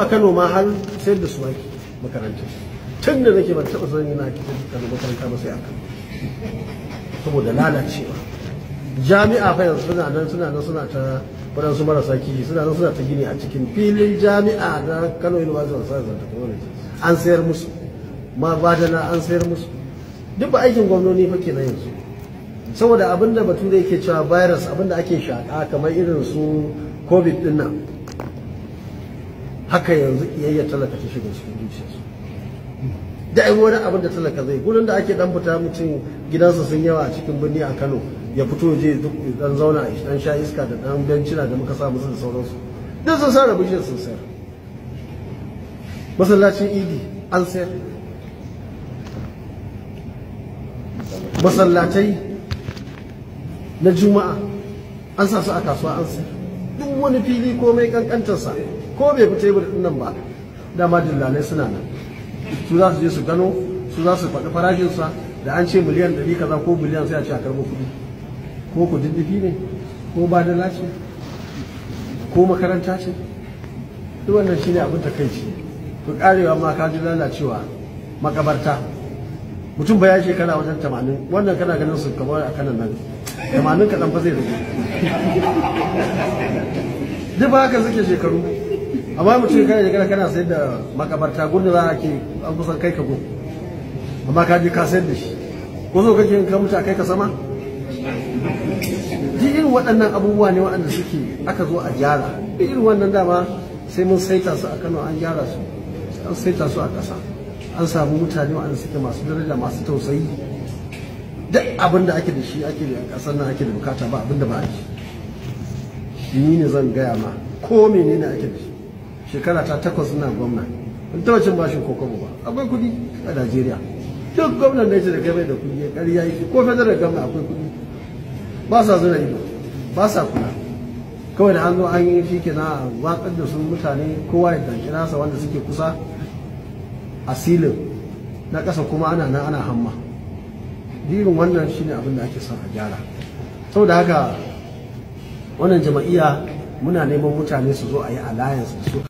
a Kano ma har sai da su waki makaranta tun da nake ban taɓa sani na kitan Kano makaranta ba sai a saboda lalacewa jami'a fa yanzu suna nan suna nan suna ta waɗansu marasa kiji suna nan suna ta gini a cikin filin jami'a na Kano University of Science and Technology an sayar musu ma badana an sayar musu duk ba aikin gwamnoni fa kenan yanzu saboda abinda da yake cewa virus abinda ake shaka kamar irin su covid din nan haka yanzu kiyayya talaka ta shiga cikin zuciyarsu da ai wani abin da talaka zai gurin da ake dan fita mutum gidansa sun yawa a cikin birni a Kano ya fito je dan zauna a dan sha iska da dan bencina da muka sa musu da sauransu duk sun sa rabu sun sayar masallacin idi an sayar masallatai na juma'a an sa su a kasuwa an sayar duk wani fili komai kankantarsa ko bai fi tebur din nan ba dama dillalai suna nan su za su je su gano su za su faɗi farashinsa da an ce miliyan ɗari kaza ko miliyan sai a ce a karɓo kuɗi ko ku diddifi ne ko ba da ce ko makaranta ce duk wannan shi ne abin takaici to karewa ma ka ji lalacewa makabarta mutum ba ya shekara wajen tamanin wannan kana ganin su kamar a kanan nan tamanin kaɗan fa zai rage duk ba haka suke shekaru amma mutum kana shekara kana sayar da makabarta gudu za a ke an kusan kai ka go amma ka je ka sayar da shi ko so kake ka mutu a kai ka sama ji irin waɗannan abubuwa ne waɗanda suke aka zo a gyara irin wannan dama sai mun saita su a Kano an gyara su an saita su a ƙasa an samu mutane waɗanda suke masu daraja masu tausayi duk abin da ake da shi ake da ƙasar nan ake da bukata ba abin da ba a yi ni ne zan gaya ma ko menene ake da shi shekara ta takwas ina gwamna in taɓa cin bashin ko kwabo ba akwai kuɗi a najeriya duk gwamnan da yake da kai da kuɗi ya ƙarya yi ko federal gwamna akwai kuɗi ba sa zuna ido ba sa kula kawai da hannu an yi shi na watsar da su mutane kowa ya danki nasa wanda suke kusa asilin na ƙasa kuma ana nan ana hamma dirin wannan shine abin da ake son a gyara saboda haka wannan jama'iyya muna neman mutane su zo a yi alliance su